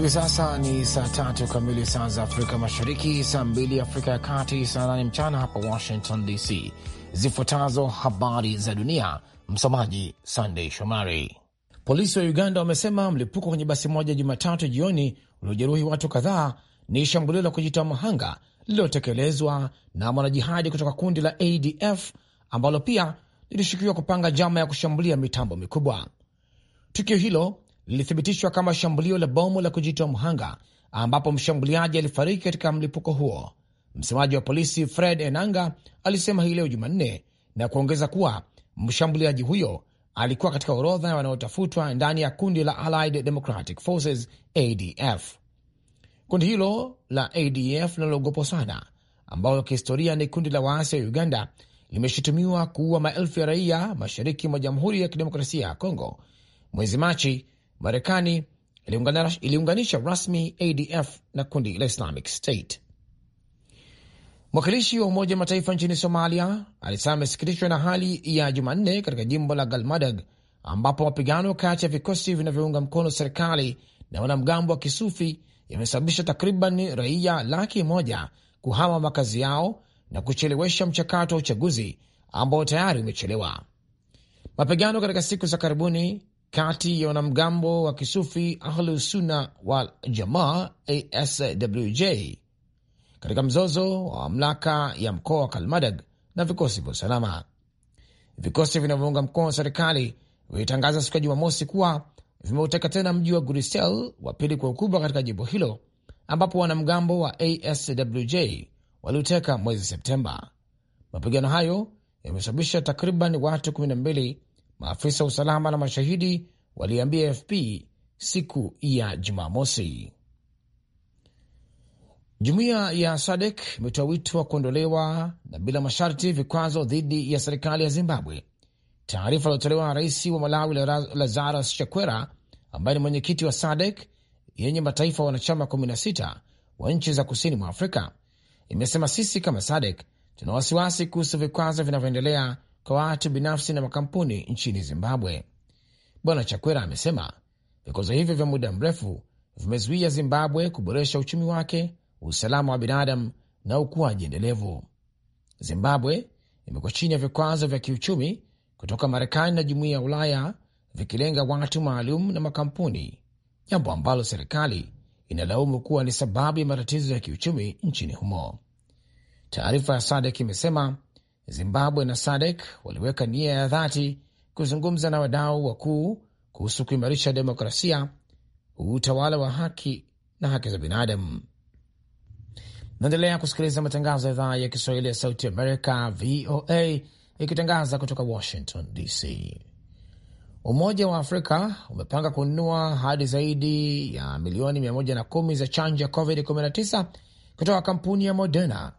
Hivi sasa ni saa tatu kamili saa za Afrika Mashariki, saa mbili Afrika ya Kati, saa nane mchana hapa Washington DC. Zifuatazo habari za dunia, msomaji Sandey Shomari. Polisi wa Uganda wamesema mlipuko kwenye basi moja Jumatatu jioni uliojeruhi watu kadhaa ni shambulio la kujitoa mhanga lililotekelezwa na mwanajihadi kutoka kundi la ADF ambalo pia lilishukiwa kupanga njama ya kushambulia mitambo mikubwa. Tukio hilo lilithibitishwa kama shambulio la bomu la kujitoa mhanga ambapo mshambuliaji alifariki katika mlipuko huo. Msemaji wa polisi Fred Enanga alisema hii leo Jumanne na kuongeza kuwa mshambuliaji huyo alikuwa katika orodha ya wanaotafutwa ndani ya kundi la Allied Democratic Forces ADF. Kundi hilo la ADF linaloogopwa sana, ambalo kihistoria ni kundi la waasi wa Uganda, limeshutumiwa kuua maelfu ya raia mashariki mwa Jamhuri ya Kidemokrasia ya Kongo mwezi Machi Marekani iliunganisha rasmi ADF na kundi la Islamic State. Mwakilishi wa Umoja Mataifa nchini Somalia alisema amesikitishwa na hali ya Jumanne katika jimbo la Galmadag ambapo mapigano kati ya vikosi vinavyounga mkono serikali na wanamgambo wa kisufi yamesababisha takriban raia laki moja kuhama makazi yao na kuchelewesha mchakato wa uchaguzi ambao tayari umechelewa. Mapigano katika siku za karibuni kati ya wanamgambo wa kisufi Ahlusunna wal Jamaa ASWJ katika mzozo wa mamlaka ya mkoa wa Kalmadag na vikosi vya usalama. Vikosi vinavyounga mkono serikali vilitangaza siku ya Jumamosi kuwa vimeuteka tena mji wa Grisel wa pili kwa ukubwa katika jimbo hilo ambapo wanamgambo wa ASWJ waliuteka mwezi Septemba. Mapigano hayo yamesababisha takriban watu maafisa wa usalama na mashahidi waliambia AFP siku ya Jumamosi. Jumuiya ya SADEK imetoa wito wa kuondolewa na bila masharti vikwazo dhidi ya serikali ya Zimbabwe. Taarifa iliyotolewa na rais wa Malawi Lazarus Chakwera, ambaye ni mwenyekiti wa SADEK yenye mataifa wanachama 16 wa nchi za kusini mwa Afrika, imesema sisi kama SADEK tuna wasiwasi kuhusu vikwazo vinavyoendelea kwa watu binafsi na makampuni nchini Zimbabwe. Bwana Chakwera amesema vikwazo hivyo vya muda mrefu vimezuia Zimbabwe kuboresha uchumi wake, usalama wa binadamu na ukuaji endelevu. Zimbabwe imekuwa chini ya vikwazo vya kiuchumi kutoka Marekani na Jumuiya ya Ulaya vikilenga watu maalum na makampuni, jambo ambalo serikali inalaumu kuwa ni sababu ya matatizo ya kiuchumi nchini humo. Taarifa ya SADC imesema Zimbabwe na SADC waliweka nia ya dhati kuzungumza na wadau wakuu kuhusu kuimarisha demokrasia, utawala wa haki na haki za binadamu. Naendelea kusikiliza matangazo ya idhaa ya Kiswahili ya Sauti Amerika, VOA, ikitangaza kutoka Washington DC. Umoja wa Afrika umepanga kununua hadi zaidi ya milioni 110 za chanjo ya COVID-19 kutoka kampuni ya Moderna.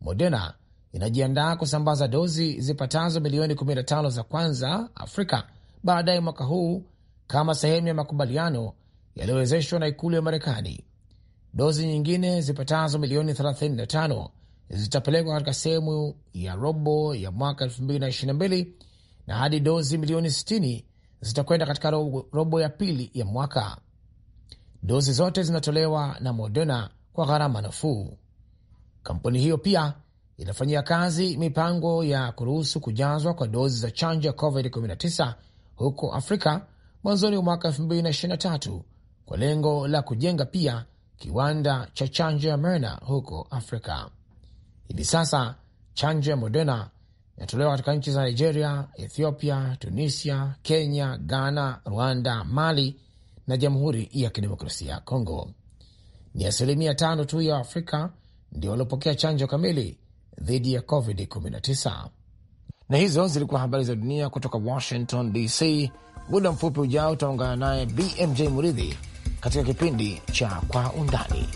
Moderna inajiandaa kusambaza dozi zipatazo milioni 15 za kwanza Afrika baadaye mwaka huu kama sehemu ya makubaliano yaliyowezeshwa na ikulu ya Marekani. Dozi nyingine zipatazo milioni 35 zitapelekwa katika sehemu ya robo ya mwaka 2022 na hadi dozi milioni 60 zitakwenda katika robo, robo ya pili ya mwaka. Dozi zote zinatolewa na Moderna kwa gharama nafuu. Kampuni hiyo pia inafanyia kazi mipango ya kuruhusu kujazwa kwa dozi za chanjo ya COVID-19 huko Afrika mwanzoni wa mwaka 2023 kwa lengo la kujenga pia kiwanda cha chanjo ya Moderna huko Afrika. Hivi sasa chanjo ya Moderna inatolewa katika nchi za Nigeria, Ethiopia, Tunisia, Kenya, Ghana, Rwanda, Mali na Jamhuri ya Kidemokrasia ya Kongo. Ni asilimia tano tu ya Afrika ndio waliopokea chanjo kamili dhidi ya COVID-19. Na hizo zilikuwa habari za dunia kutoka Washington DC. Muda mfupi ujao utaungana naye BMJ Muridhi katika kipindi cha Kwa Undani.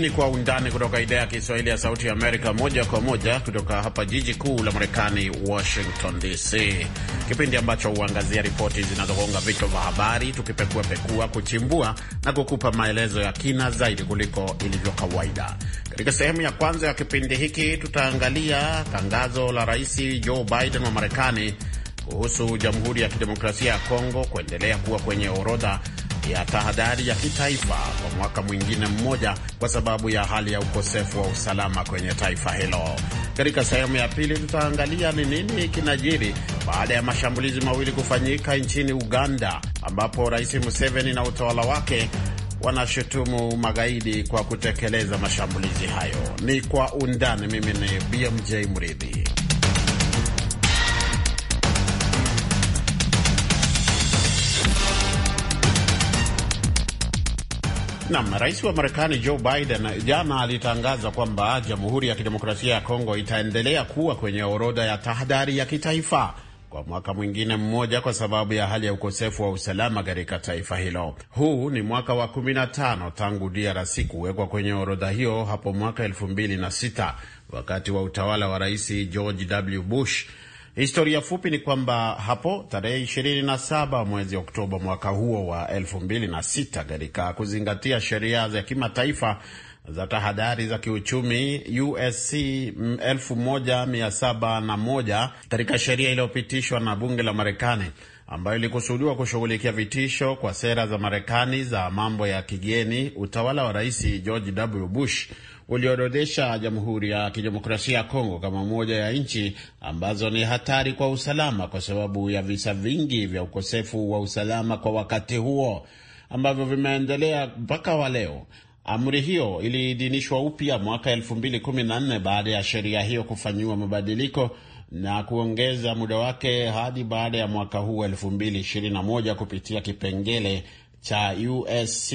ni Kwa Undani kutoka idhaa ya Kiswahili ya Sauti ya Amerika, moja kwa moja kutoka hapa jiji kuu la Marekani, Washington DC, kipindi ambacho huangazia ripoti zinazogonga vichwa vya habari, tukipekuapekua, kuchimbua na kukupa maelezo ya kina zaidi kuliko ilivyo kawaida. Katika sehemu ya kwanza ya kipindi hiki, tutaangalia tangazo la Rais Joe Biden wa Marekani kuhusu Jamhuri ya Kidemokrasia ya Kongo kuendelea kuwa kwenye orodha ya tahadhari ya kitaifa kwa mwaka mwingine mmoja kwa sababu ya hali ya ukosefu wa usalama kwenye taifa hilo. Katika sehemu ya pili tutaangalia ni nini kinajiri baada ya mashambulizi mawili kufanyika nchini Uganda ambapo Rais Museveni na utawala wake wanashutumu magaidi kwa kutekeleza mashambulizi hayo. Ni kwa undani. Mimi ni BMJ Mridhi. Nam, rais wa Marekani Joe Biden jana alitangaza kwamba Jamhuri ya Kidemokrasia ya Kongo itaendelea kuwa kwenye orodha ya tahadhari ya kitaifa kwa mwaka mwingine mmoja kwa sababu ya hali ya ukosefu wa usalama katika taifa hilo. Huu ni mwaka wa 15 tangu DRC kuwekwa kwenye orodha hiyo hapo mwaka 2006 wakati wa utawala wa Rais George W. Bush Historia fupi ni kwamba hapo tarehe 27 mwezi Oktoba mwaka huo wa 2006, katika kuzingatia sheria za kimataifa za tahadhari za kiuchumi USC 1701 katika sheria iliyopitishwa na bunge la Marekani ambayo ilikusudiwa kushughulikia vitisho kwa sera za Marekani za mambo ya kigeni, utawala wa Rais George W. Bush uliorodhesha Jamhuri ya Kidemokrasia ya Kongo kama moja ya nchi ambazo ni hatari kwa usalama kwa sababu ya visa vingi vya ukosefu wa usalama kwa wakati huo ambavyo vimeendelea mpaka wa leo. Amri hiyo iliidhinishwa upya mwaka 2014 baada ya sheria hiyo kufanyiwa mabadiliko na kuongeza muda wake hadi baada ya mwaka huu 2021 kupitia kipengele cha USC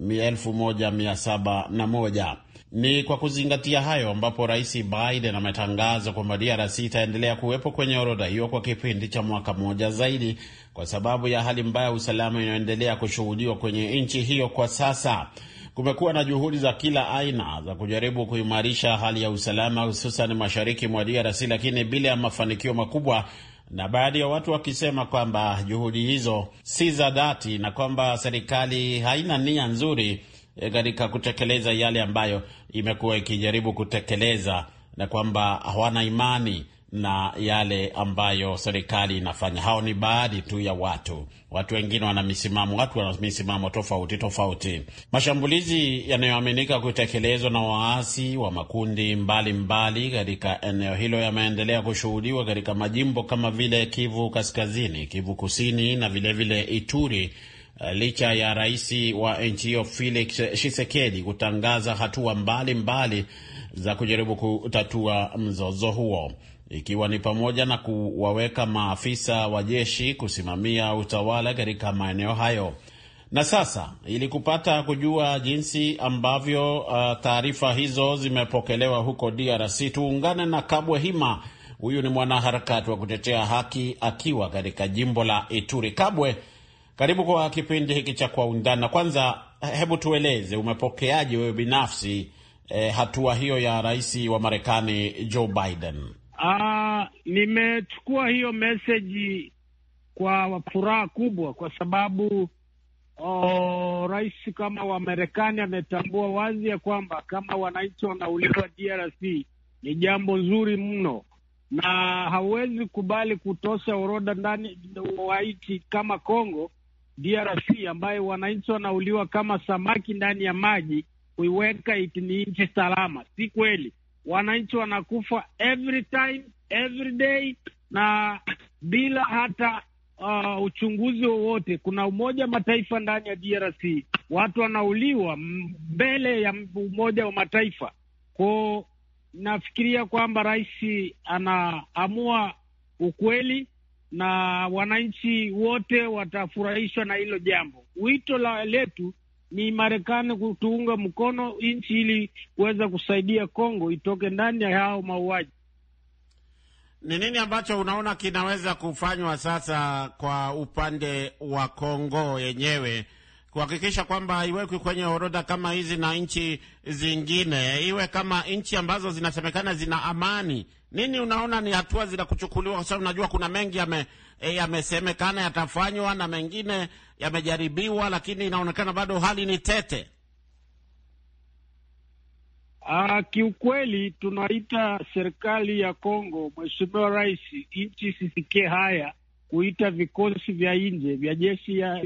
1701. Ni kwa kuzingatia hayo ambapo Rais Biden ametangaza kwamba DRC itaendelea kuwepo kwenye orodha hiyo kwa kipindi cha mwaka mmoja zaidi kwa sababu ya hali mbaya ya usalama inayoendelea kushuhudiwa kwenye nchi hiyo kwa sasa. Kumekuwa na juhudi za kila aina za kujaribu kuimarisha hali ya usalama hususan mashariki mwa DRC, lakini bila ya mafanikio makubwa, na baadhi ya watu wakisema kwamba juhudi hizo si za dhati na kwamba serikali haina nia nzuri Eh, katika kutekeleza yale ambayo imekuwa ikijaribu kutekeleza, na kwamba hawana imani na yale ambayo serikali inafanya. Hao ni baadhi tu ya watu. Watu wengine wana misimamo, watu wana misimamo tofauti tofauti. Mashambulizi yanayoaminika kutekelezwa na waasi wa makundi mbalimbali katika eneo hilo yameendelea kushuhudiwa katika majimbo kama vile Kivu Kaskazini, Kivu Kusini na vilevile vile Ituri Eh, licha ya rais wa nchi hiyo Felix Tshisekedi kutangaza hatua mbalimbali mbali za kujaribu kutatua mzozo huo ikiwa ni pamoja na kuwaweka maafisa wa jeshi kusimamia utawala katika maeneo hayo. Na sasa ili kupata kujua jinsi ambavyo uh, taarifa hizo zimepokelewa huko DRC, tuungane na Kabwe Hima. Huyu ni mwanaharakati wa kutetea haki akiwa katika jimbo la Ituri. Kabwe, karibu kwa kipindi hiki cha Kwa Undani, kwanza hebu tueleze umepokeaje wewe binafsi e, hatua hiyo ya rais wa Marekani Joe Biden? Ah, nimechukua hiyo meseji kwa furaha kubwa kwa sababu oh, rais kama wa Marekani ametambua wazi ya kwamba kama wananchi wanauliwa DRC ni jambo nzuri mno, na hawezi kubali kutosha orodha ndani wa nchi kama Kongo DRC ambayo wananchi wanauliwa kama samaki ndani ya maji, kuiweka iti ni nchi salama. Si kweli, wananchi wanakufa every time, every day na bila hata uh, uchunguzi wowote. Kuna Umoja Mataifa ndani ya DRC, watu wanauliwa mbele ya Umoja wa Mataifa ko nafikiria kwamba rais anaamua ukweli na wananchi wote watafurahishwa na hilo jambo. Wito la letu ni Marekani kutuunga mkono nchi ili kuweza kusaidia Kongo itoke ndani ya hao mauaji. Ni nini ambacho unaona kinaweza kufanywa sasa kwa upande wa Kongo yenyewe? kuhakikisha kwamba haiwekwi kwenye orodha kama hizi na nchi zingine, iwe kama nchi ambazo zinasemekana zina amani. Nini unaona ni hatua zina kuchukuliwa? Kwa sababu unajua kuna mengi eh, yamesemekana e, yatafanywa na mengine yamejaribiwa, lakini inaonekana bado hali ni tete. Uh, kiukweli tunaita serikali ya Kongo, Mheshimiwa Rais, nchi sisikie haya kuita vikosi vya nje vya jeshi ya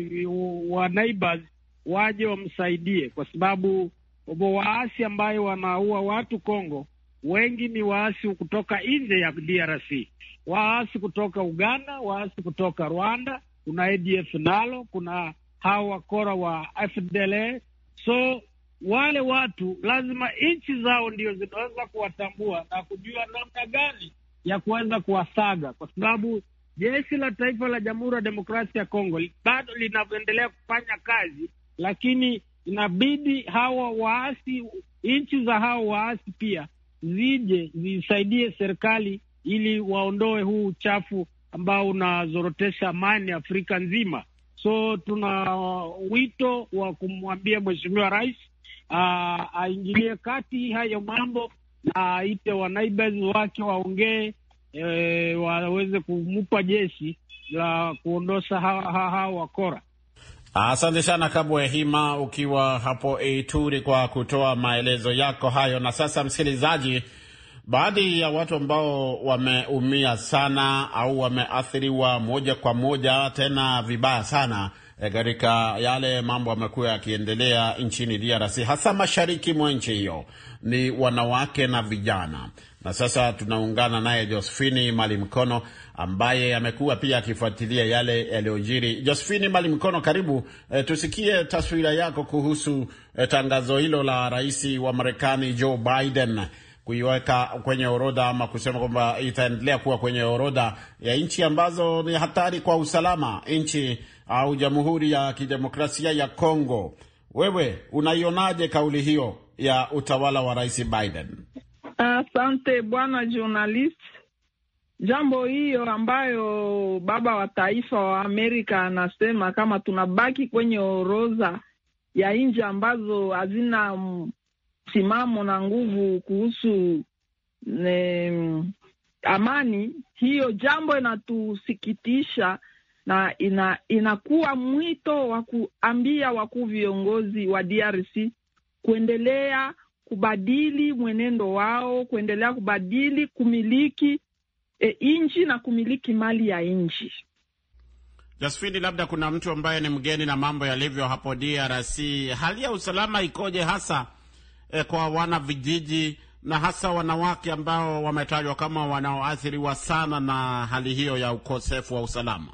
wa neighbors waje wamsaidie, kwa sababu waasi ambayo wanaua watu Kongo wengi ni waasi kutoka nje ya DRC, waasi kutoka Uganda, waasi kutoka Rwanda. Kuna ADF nalo, kuna hawa wakora wa FDLA. So wale watu lazima nchi zao ndio zinaweza kuwatambua na kujua namna gani ya kuweza kuwasaga, kwa sababu jeshi la taifa la Jamhuri ya Demokrasia ya Kongo bado linavyoendelea kufanya kazi, lakini inabidi hawa waasi, nchi za hawa waasi pia zije zisaidie serikali ili waondoe huu uchafu ambao unazorotesha amani Afrika nzima. So tuna wito wa kumwambia Mheshimiwa Rais aingilie kati hayo mambo na aite wanaiba wake waongee e, waweze kumpa jeshi la kuondosha hawa ha, wakora. Asante sana Kabwe Hima, ukiwa hapo Ituri kwa kutoa maelezo yako hayo. Na sasa, msikilizaji, baadhi ya watu ambao wameumia sana au wameathiriwa moja kwa moja tena vibaya sana e, katika e, yale mambo amekuwa yakiendelea nchini DRC hasa mashariki mwa nchi hiyo ni wanawake na vijana. Na sasa tunaungana naye Josephini Malimkono ambaye amekuwa pia akifuatilia yale yaliyojiri. Josephini Malimkono, karibu. E, tusikie taswira yako kuhusu e, tangazo hilo la rais wa Marekani Joe Biden kuiweka kwenye orodha ama kusema kwamba itaendelea kuwa kwenye orodha ya nchi ambazo ni hatari kwa usalama, nchi au Jamhuri ya Kidemokrasia ya congo Wewe unaionaje kauli hiyo ya utawala wa Rais Biden? Asante bwana journalist. Jambo hiyo ambayo baba wa taifa wa Amerika anasema kama tunabaki kwenye orodha ya nchi ambazo hazina msimamo na nguvu kuhusu ne, amani, hiyo jambo inatusikitisha na ina, inakuwa mwito wa kuambia wakuu viongozi wa DRC kuendelea kubadili mwenendo wao, kuendelea kubadili kumiliki e, nchi na kumiliki mali ya nchi. Josephine, labda kuna mtu ambaye ni mgeni na mambo yalivyo hapo DRC, hali ya usalama ikoje hasa e, kwa wana vijiji na hasa wanawake ambao wametajwa kama wanaoathiriwa sana na hali hiyo ya ukosefu wa usalama?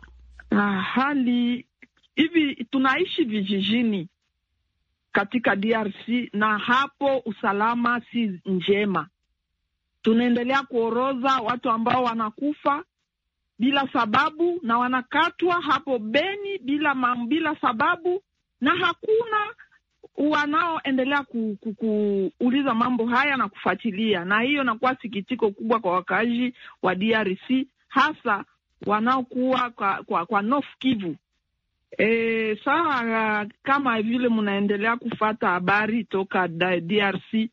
Ah, hali hivi tunaishi vijijini katika DRC, na hapo usalama si njema. Tunaendelea kuoroza watu ambao wanakufa bila sababu na wanakatwa hapo Beni bila mam, bila sababu na hakuna wanaoendelea ku, ku, kuuliza mambo haya na kufuatilia, na hiyo inakuwa sikitiko kubwa kwa wakaji wa DRC, hasa wanaokuwa kwa, kwa, kwa North Kivu E, eh, sawa ah, kama vile mnaendelea kufata habari toka DRC.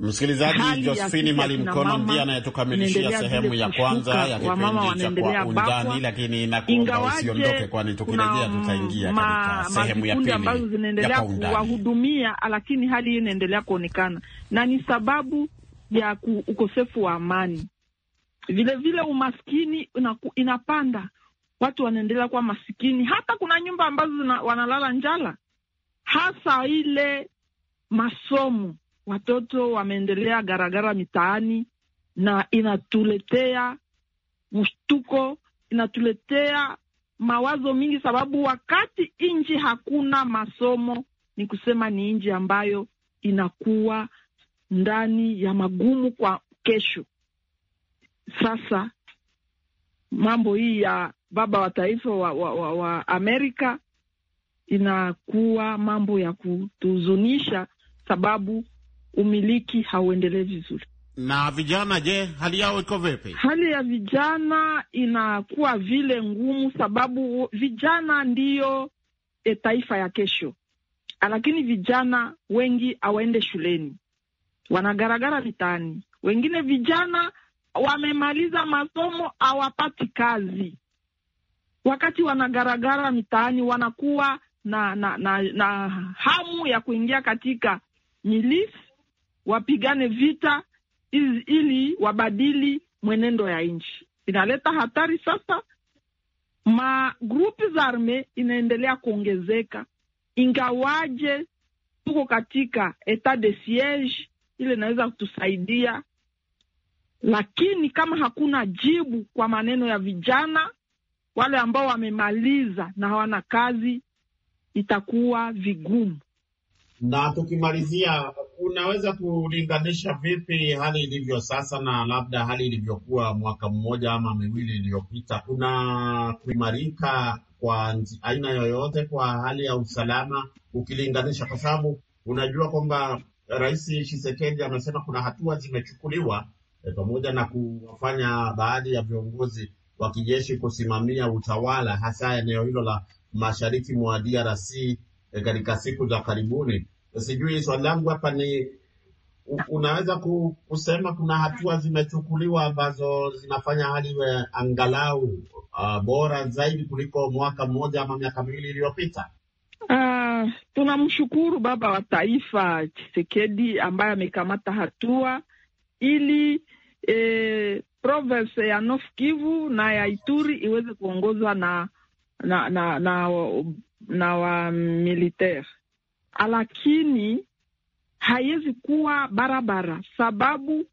Msikilizaji, Josephine Malimkono ndiye anayetukamilishia sehemu ya kwanza ya kipindi cha Kwa Undani, lakini nakuomba usiondoke, kwani tukirejea mm, tutaingia katika sehemu ya pili ambazo zinaendelea kuwahudumia, lakini hali hii inaendelea kuonekana na ni sababu ya ukosefu wa amani, vilevile umaskini inaku, inapanda watu wanaendelea kuwa masikini. Hata kuna nyumba ambazo wanalala njala, hasa ile masomo. Watoto wameendelea garagara mitaani, na inatuletea mshtuko, inatuletea mawazo mingi, sababu wakati nchi hakuna masomo, ni kusema ni nchi ambayo inakuwa ndani ya magumu kwa kesho. Sasa mambo hii ya baba wa taifa wa, wa, wa, wa Amerika, inakuwa mambo ya kutuhuzunisha, sababu umiliki hauendelee vizuri. Na vijana, je, hali yao iko vipi? Hali ya vijana inakuwa vile ngumu, sababu vijana ndiyo e, taifa ya kesho, lakini vijana wengi hawaende shuleni, wanagaragara mitaani. Wengine vijana wamemaliza masomo hawapati kazi, wakati wanagaragara mitaani wanakuwa na na, na na hamu ya kuingia katika milisi wapigane vita iz, ili wabadili mwenendo ya nchi. Inaleta hatari sasa, magrupu za arme inaendelea kuongezeka, ingawaje tuko katika etat de siege ile inaweza kutusaidia, lakini kama hakuna jibu kwa maneno ya vijana wale ambao wamemaliza na hawana kazi itakuwa vigumu. Na tukimalizia, unaweza kulinganisha vipi hali ilivyo sasa na labda hali ilivyokuwa mwaka mmoja ama miwili iliyopita? Kuna kuimarika kwa aina yoyote kwa hali ya usalama ukilinganisha, kwa sababu unajua kwamba Rais Tshisekedi amesema kuna hatua zimechukuliwa eh, pamoja na kuwafanya baadhi ya viongozi wa kijeshi kusimamia utawala hasa eneo hilo la mashariki mwa DRC eh, katika siku za karibuni. Sijui, swali langu hapa ni unaweza kusema kuna hatua zimechukuliwa ambazo zinafanya hali iwe angalau uh, bora zaidi kuliko mwaka mmoja ama miaka miwili iliyopita? Uh, tunamshukuru baba wa taifa chisekedi ambaye amekamata hatua ili e, province ya North Kivu na ya Ituri iweze kuongozwa na na na na, na wa militaire, lakini haiwezi kuwa barabara, sababu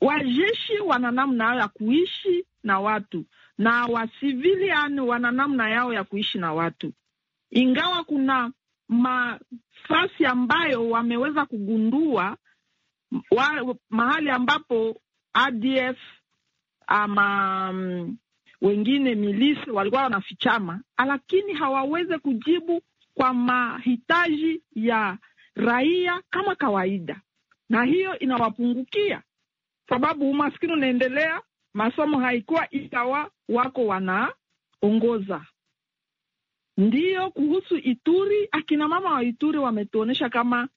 wajeshi wana namna yao ya kuishi na watu na wasivilian wana namna yao ya kuishi na watu, ingawa kuna mafasi ambayo wameweza kugundua wa, mahali ambapo ADF ama um, wengine milisi walikuwa wanafichama, lakini hawaweze kujibu kwa mahitaji ya raia kama kawaida, na hiyo inawapungukia sababu umaskini unaendelea, masomo haikuwa, ikawa wako wanaongoza. Ndiyo kuhusu Ituri, akina mama wa Ituri wametuonyesha kama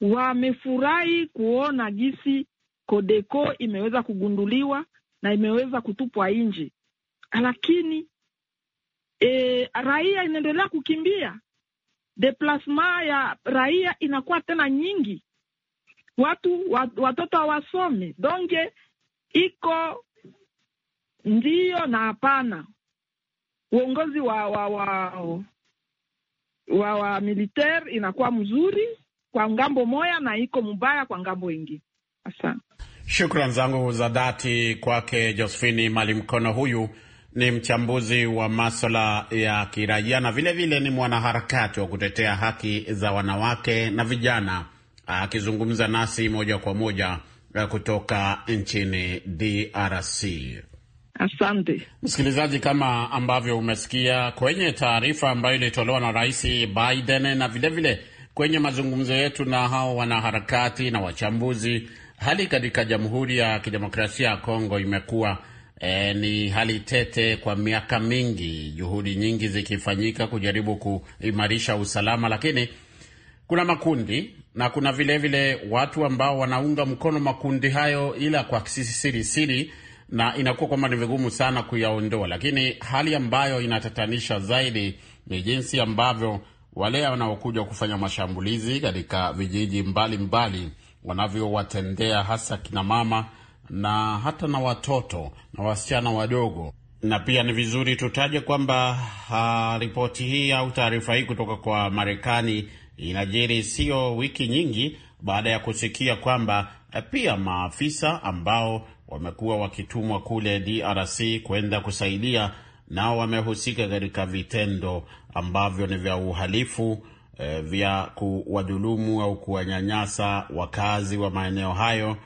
wamefurahi kuona gisi Kodeko imeweza kugunduliwa na imeweza kutupwa nje, lakini e, raia inaendelea kukimbia. Deplasma ya raia inakuwa tena nyingi, watu wat, watoto hawasome donge iko ndiyo na hapana. Uongozi wa wa wa, wa, wa militari inakuwa mzuri kwa ngambo moya na iko mubaya kwa ngambo ingine. Asante. Shukran zangu za dhati kwake Josephine Malimkono. Huyu ni mchambuzi wa maswala ya kiraia na vilevile ni mwanaharakati wa kutetea haki za wanawake na vijana, akizungumza nasi moja kwa moja eh, kutoka nchini DRC. Asante msikilizaji, kama ambavyo umesikia kwenye taarifa ambayo ilitolewa na Rais Biden na vilevile vile kwenye mazungumzo yetu na hao wanaharakati na wachambuzi, hali katika Jamhuri ya Kidemokrasia ya Kongo imekuwa E, ni hali tete kwa miaka mingi, juhudi nyingi zikifanyika kujaribu kuimarisha usalama, lakini kuna makundi na kuna vilevile vile watu ambao wanaunga mkono makundi hayo, ila kwa siri siri, na inakuwa kwamba ni vigumu sana kuyaondoa. Lakini hali ambayo inatatanisha zaidi ni jinsi ambavyo wale wanaokuja kufanya mashambulizi katika vijiji mbalimbali wanavyowatendea hasa kina mama na hata na watoto na wasichana wadogo. Na pia ni vizuri tutaje kwamba uh, ripoti hii au taarifa hii kutoka kwa Marekani inajiri sio wiki nyingi baada ya kusikia kwamba eh, pia maafisa ambao wamekuwa wakitumwa kule DRC kwenda kusaidia nao wamehusika katika vitendo ambavyo ni vya uhalifu eh, vya kuwadhulumu au kuwanyanyasa wakazi wa maeneo hayo,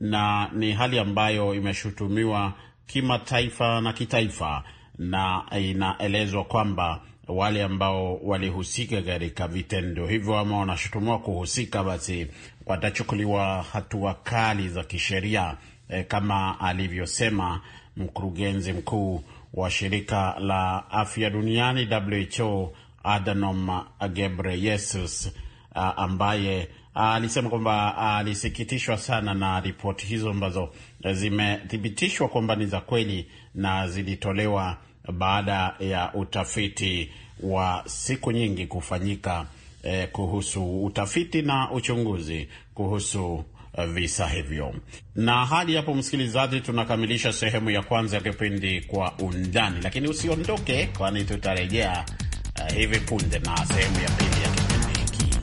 na ni hali ambayo imeshutumiwa kimataifa na kitaifa, na inaelezwa kwamba wale ambao walihusika katika vitendo hivyo ama wanashutumiwa kuhusika, basi watachukuliwa hatua kali za kisheria eh, kama alivyosema mkurugenzi mkuu wa shirika la afya duniani WHO Adhanom Ghebreyesus ambaye alisema kwamba alisikitishwa sana na ripoti hizo ambazo zimethibitishwa kwamba ni za kweli na zilitolewa baada ya utafiti wa siku nyingi kufanyika eh, kuhusu utafiti na uchunguzi kuhusu visa hivyo. Na hadi hapo, msikilizaji, tunakamilisha sehemu ya kwanza ya kipindi Kwa Undani, lakini usiondoke, kwani tutarejea uh, hivi punde na sehemu ya pili ya kipindi hiki.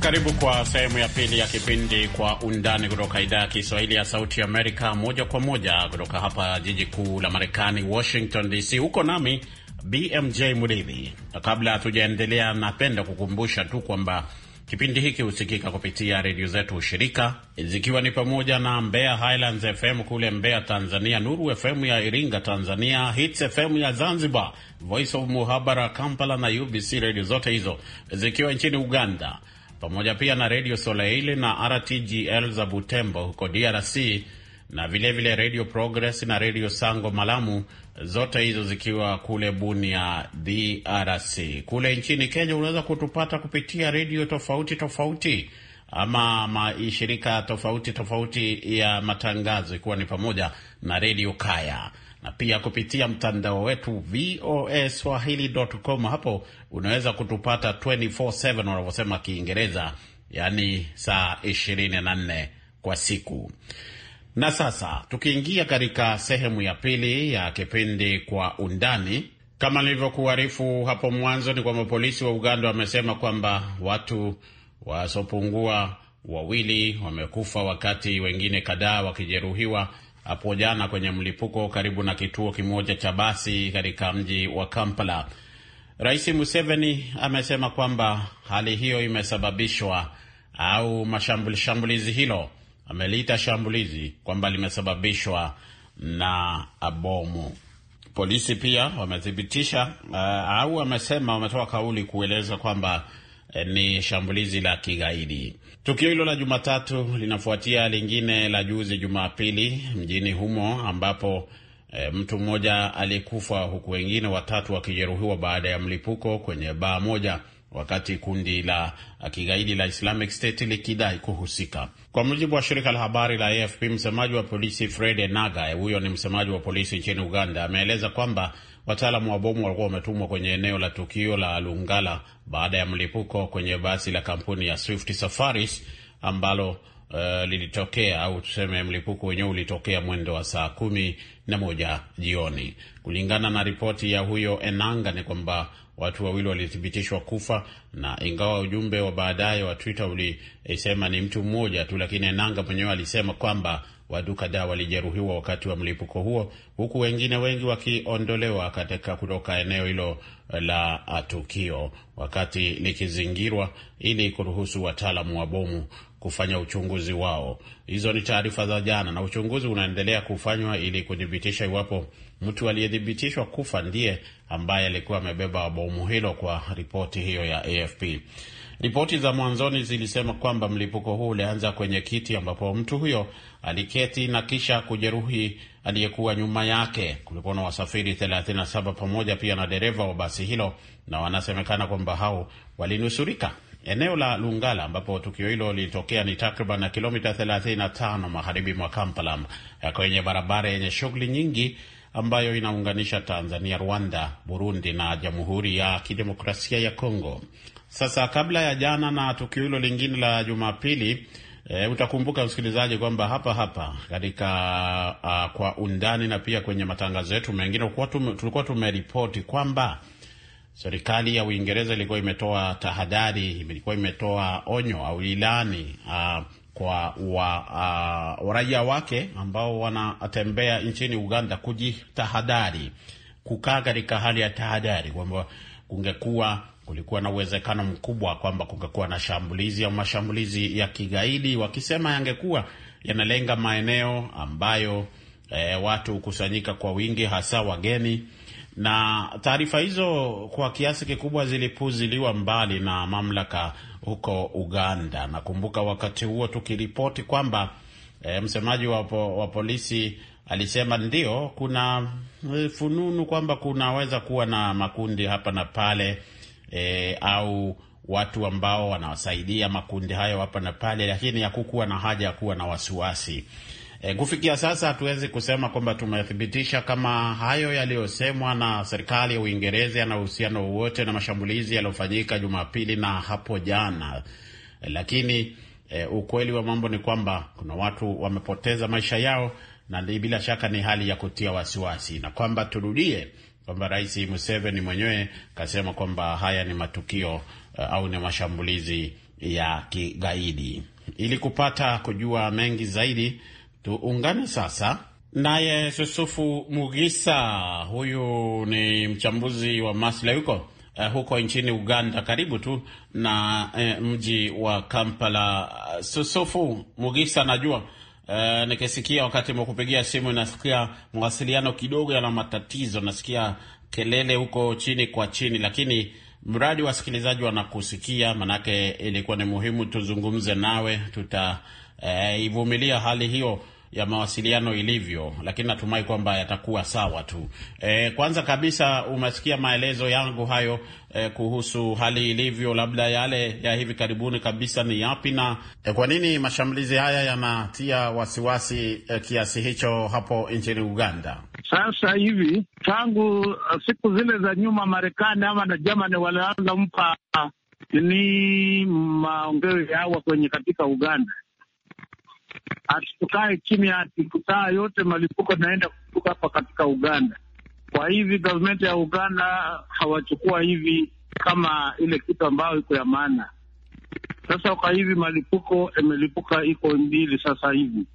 Karibu kwa sehemu ya pili ya kipindi Kwa Undani kutoka idhaa ya Kiswahili ya Sauti Amerika, moja kwa moja kutoka hapa jiji kuu la Marekani, Washington DC. Huko nami BMJ Mridhi. Kabla hatujaendelea, napenda kukumbusha tu kwamba kipindi hiki husikika kupitia redio zetu ushirika zikiwa ni pamoja na Mbeya Highlands FM kule Mbeya Tanzania, Nuru FM ya Iringa Tanzania, Hits FM ya Zanzibar, Voice of Muhabara Kampala na UBC redio zote hizo zikiwa nchini Uganda, pamoja pia na redio Soleil na RTGL za Butembo huko DRC na vilevile redio Progress na redio Sango Malamu zote hizo zikiwa kule Bunia, DRC. Kule nchini Kenya unaweza kutupata kupitia redio tofauti tofauti ama mashirika tofauti tofauti ya matangazo, ikiwa ni pamoja na redio Kaya na pia kupitia mtandao wetu VOA Swahili.com. Hapo unaweza kutupata 24/7 wanavyosema Kiingereza, yaani saa 24 kwa siku. Na sasa tukiingia katika sehemu ya pili ya kipindi Kwa Undani, kama nilivyokuarifu hapo mwanzo, ni kwamba polisi wa Uganda wamesema kwamba watu wasiopungua wawili wamekufa wakati wengine kadhaa wakijeruhiwa hapo jana kwenye mlipuko karibu na kituo kimoja cha basi katika mji wa Kampala. Rais Museveni amesema kwamba hali hiyo imesababishwa au mashambulizi hilo ameliita shambulizi kwamba limesababishwa na bomu. Polisi pia wamethibitisha uh, au wamesema wametoa kauli kueleza kwamba eh, ni shambulizi la kigaidi. Tukio hilo la Jumatatu linafuatia lingine la juzi Jumapili mjini humo ambapo eh, mtu mmoja alikufa huku wengine watatu wakijeruhiwa baada ya mlipuko kwenye baa moja wakati kundi la kigaidi la Islamic State likidai kuhusika. Kwa mujibu wa shirika la habari la AFP, msemaji wa polisi Fred Enanga, huyo ni msemaji wa polisi nchini Uganda, ameeleza kwamba wataalamu wa bomu walikuwa wametumwa kwenye eneo la tukio la Lungala baada ya mlipuko kwenye basi la kampuni ya Swift Safaris ambalo Uh, lilitokea au tuseme mlipuko wenyewe ulitokea mwendo wa saa kumi na moja jioni. Kulingana na ripoti ya huyo Enanga ni kwamba Watu wawili walithibitishwa kufa, na ingawa ujumbe wa baadaye wa Twitter ulisema ni mtu mmoja tu, lakini Enanga mwenyewe alisema kwamba watu kadhaa walijeruhiwa wakati wa mlipuko huo, huku wengine wengi wakiondolewa katika kutoka eneo hilo la uh, tukio wakati likizingirwa ili kuruhusu wataalamu wa bomu kufanya uchunguzi wao. Hizo ni taarifa za jana, na uchunguzi unaendelea kufanywa ili kuthibitisha iwapo mtu aliyethibitishwa kufa ndiye ambaye alikuwa amebeba bomu hilo, kwa ripoti hiyo ya AFP. Ripoti za mwanzoni zilisema kwamba mlipuko huu ulianza kwenye kiti ambapo mtu huyo aliketi na kisha kujeruhi aliyekuwa nyuma yake. Kulikuwa na wasafiri 37 pamoja pia na dereva wa basi hilo, na wanasemekana kwamba hao walinusurika. Eneo la Lungala ambapo tukio hilo lilitokea ni takriban na kilomita 35 magharibi mwa Kampala, kwenye barabara yenye shughuli nyingi ambayo inaunganisha Tanzania, Rwanda, Burundi na Jamhuri ya Kidemokrasia ya Kongo. Sasa kabla ya jana na tukio hilo lingine la Jumapili, e, utakumbuka msikilizaji kwamba hapa hapa katika ah, kwa undani na pia kwenye matangazo yetu mengine tulikuwa tumeripoti kwamba serikali ya Uingereza ilikuwa imetoa tahadhari, ilikuwa imetoa onyo au ilani a, ah, kwa wa, a, ah, raia wake ambao wanatembea nchini Uganda kujitahadhari, kukaa katika hali ya tahadhari kwamba kungekuwa kulikuwa na uwezekano mkubwa kwamba kungekuwa na shambulizi au mashambulizi ya kigaidi, wakisema yangekuwa yanalenga maeneo ambayo e, watu hukusanyika kwa wingi, hasa wageni. Na taarifa hizo kwa kiasi kikubwa zilipuziliwa mbali na mamlaka huko Uganda. Nakumbuka wakati huo tukiripoti kwamba e, msemaji wa, po, wa polisi alisema ndio kuna eh, fununu kwamba kunaweza kuwa na makundi hapa na pale e, au watu ambao wanawasaidia makundi hayo hapa na pale, lakini hakukuwa na haja ya kuwa na wasiwasi. E, kufikia sasa hatuwezi kusema kwamba tumethibitisha kama hayo yaliyosemwa na serikali ya Uingereza yana uhusiano wowote na mashambulizi yaliyofanyika Jumapili na hapo jana, e, lakini e, ukweli wa mambo ni kwamba kuna watu wamepoteza maisha yao na bila shaka ni hali ya kutia wasiwasi, na kwamba turudie kwamba Rais Museveni mwenyewe kasema kwamba haya ni matukio uh, au ni mashambulizi ya kigaidi. Ili kupata kujua mengi zaidi, tuungane sasa naye susufu Mugisa. Huyu ni mchambuzi wa maslahi huko uh, eh, huko nchini Uganda, karibu tu na uh, mji wa Kampala. susufu Mugisa, najua Uh, nikisikia wakati mwakupigia simu nasikia mawasiliano kidogo yana matatizo, nasikia kelele huko chini kwa chini, lakini mradi wasikilizaji wanakusikia, manake ilikuwa ni muhimu tuzungumze nawe, tutaivumilia eh, uh, hali hiyo ya mawasiliano ilivyo, lakini natumai kwamba yatakuwa sawa tu. E, kwanza kabisa umesikia maelezo yangu hayo e, kuhusu hali ilivyo. Labda yale ya hivi karibuni kabisa ni yapi na e, kwa nini mashambulizi haya yanatia wasiwasi e, kiasi hicho hapo nchini Uganda sasa hivi? Tangu uh, siku zile za nyuma, Marekani ama na Germany walianza mpa ni maongeo yawa kwenye katika Uganda hatukae kimya ati saa yote malipuko naenda kutoka hapa katika Uganda. Kwa hivi government ya Uganda hawachukua hivi kama ile kitu ambayo iko ya maana. Sasa kwa hivi malipuko imelipuka iko mbili sasa hivi,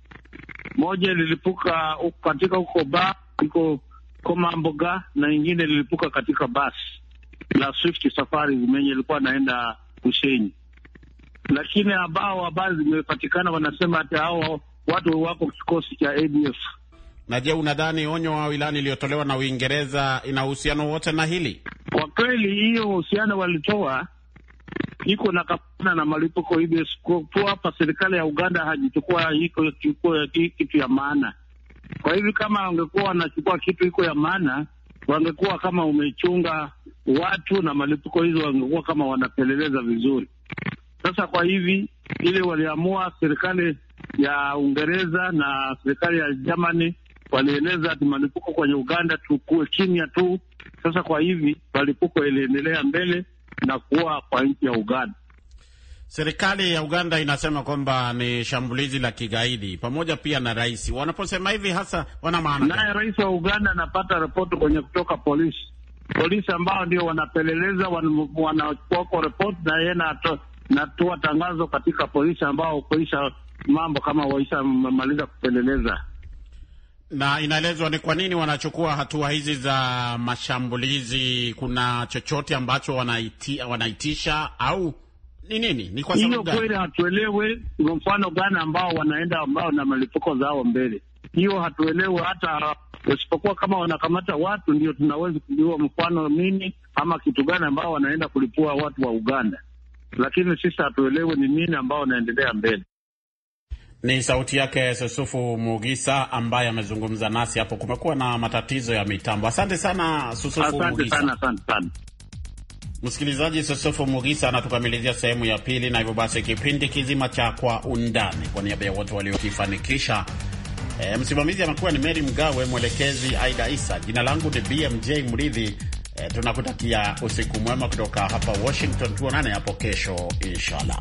moja ililipuka katika huko ba iko mboga na ingine ililipuka katika basi la Swift safari zimenye ilikuwa naenda Kusenyi lakini ambao habari zimepatikana wanasema hata hao watu wako kikosi cha ADF. Na je, unadhani onyo au ilani iliyotolewa na Uingereza ina uhusiano wote na hili? Kwa kweli hiyo uhusiano walitoa iko na kapana na kwa hivyo, kwa hapa serikali ya Uganda hajichukua iko chukua kitu ya maana. Kwa hivyo kama wangekuwa wanachukua kitu iko ya maana, wangekuwa kama umechunga watu na malipuko hizo, wangekuwa kama wanapeleleza vizuri. Sasa kwa hivi ile waliamua serikali ya Uingereza na serikali ya Germany walieneza ati malipuko kwenye Uganda tukuwe kimya tu. Sasa kwa hivi malipuko iliendelea mbele na kuwa kwa nchi ya Uganda. Serikali ya Uganda inasema kwamba ni shambulizi la kigaidi pamoja pia na rais. Wanaposema hivi hasa wana maana Naye rais wa Uganda anapata ripoti kwenye kutoka polisi, polisi ambao ndio wanapeleleza, wanachukua report na yeye natoa tangazo katika polisi ambao kuisha mambo kama waisha maliza kupeleleza. Na inaelezwa ni kwa nini wanachukua hatua hizi za mashambulizi? Kuna chochote ambacho wanaiti, wanaitisha au ni nini? Ni kwa sababu gani? Hiyo kweli hatuelewe, kwa mfano gani ambao wanaenda ambao na malipuko zao mbele, hiyo hatuelewe hata Isipokuwa kama wanakamata watu ndio tunaweza kujua mfano nini ama kitu gani ambao wanaenda kulipua watu wa Uganda lakini sisi hatuelewe ni nini ambao unaendelea mbele. Ni sauti yake Susufu Mugisa ambaye amezungumza nasi hapo. Kumekuwa na matatizo ya mitambo. Asante sana Susufu Mugisa, asante sana, sana. Msikilizaji, Susufu Mugisa anatukamilizia sehemu ya pili, na hivyo basi kipindi kizima cha Kwa Undani, kwa niaba ya wote waliokifanikisha E, msimamizi amekuwa ni Meri Mgawe, mwelekezi Aida Isa. Jina langu ni BMJ Mridhi. Eh, tunakutakia usiku mwema kutoka hapa Washington. Tuonane hapo kesho inshallah.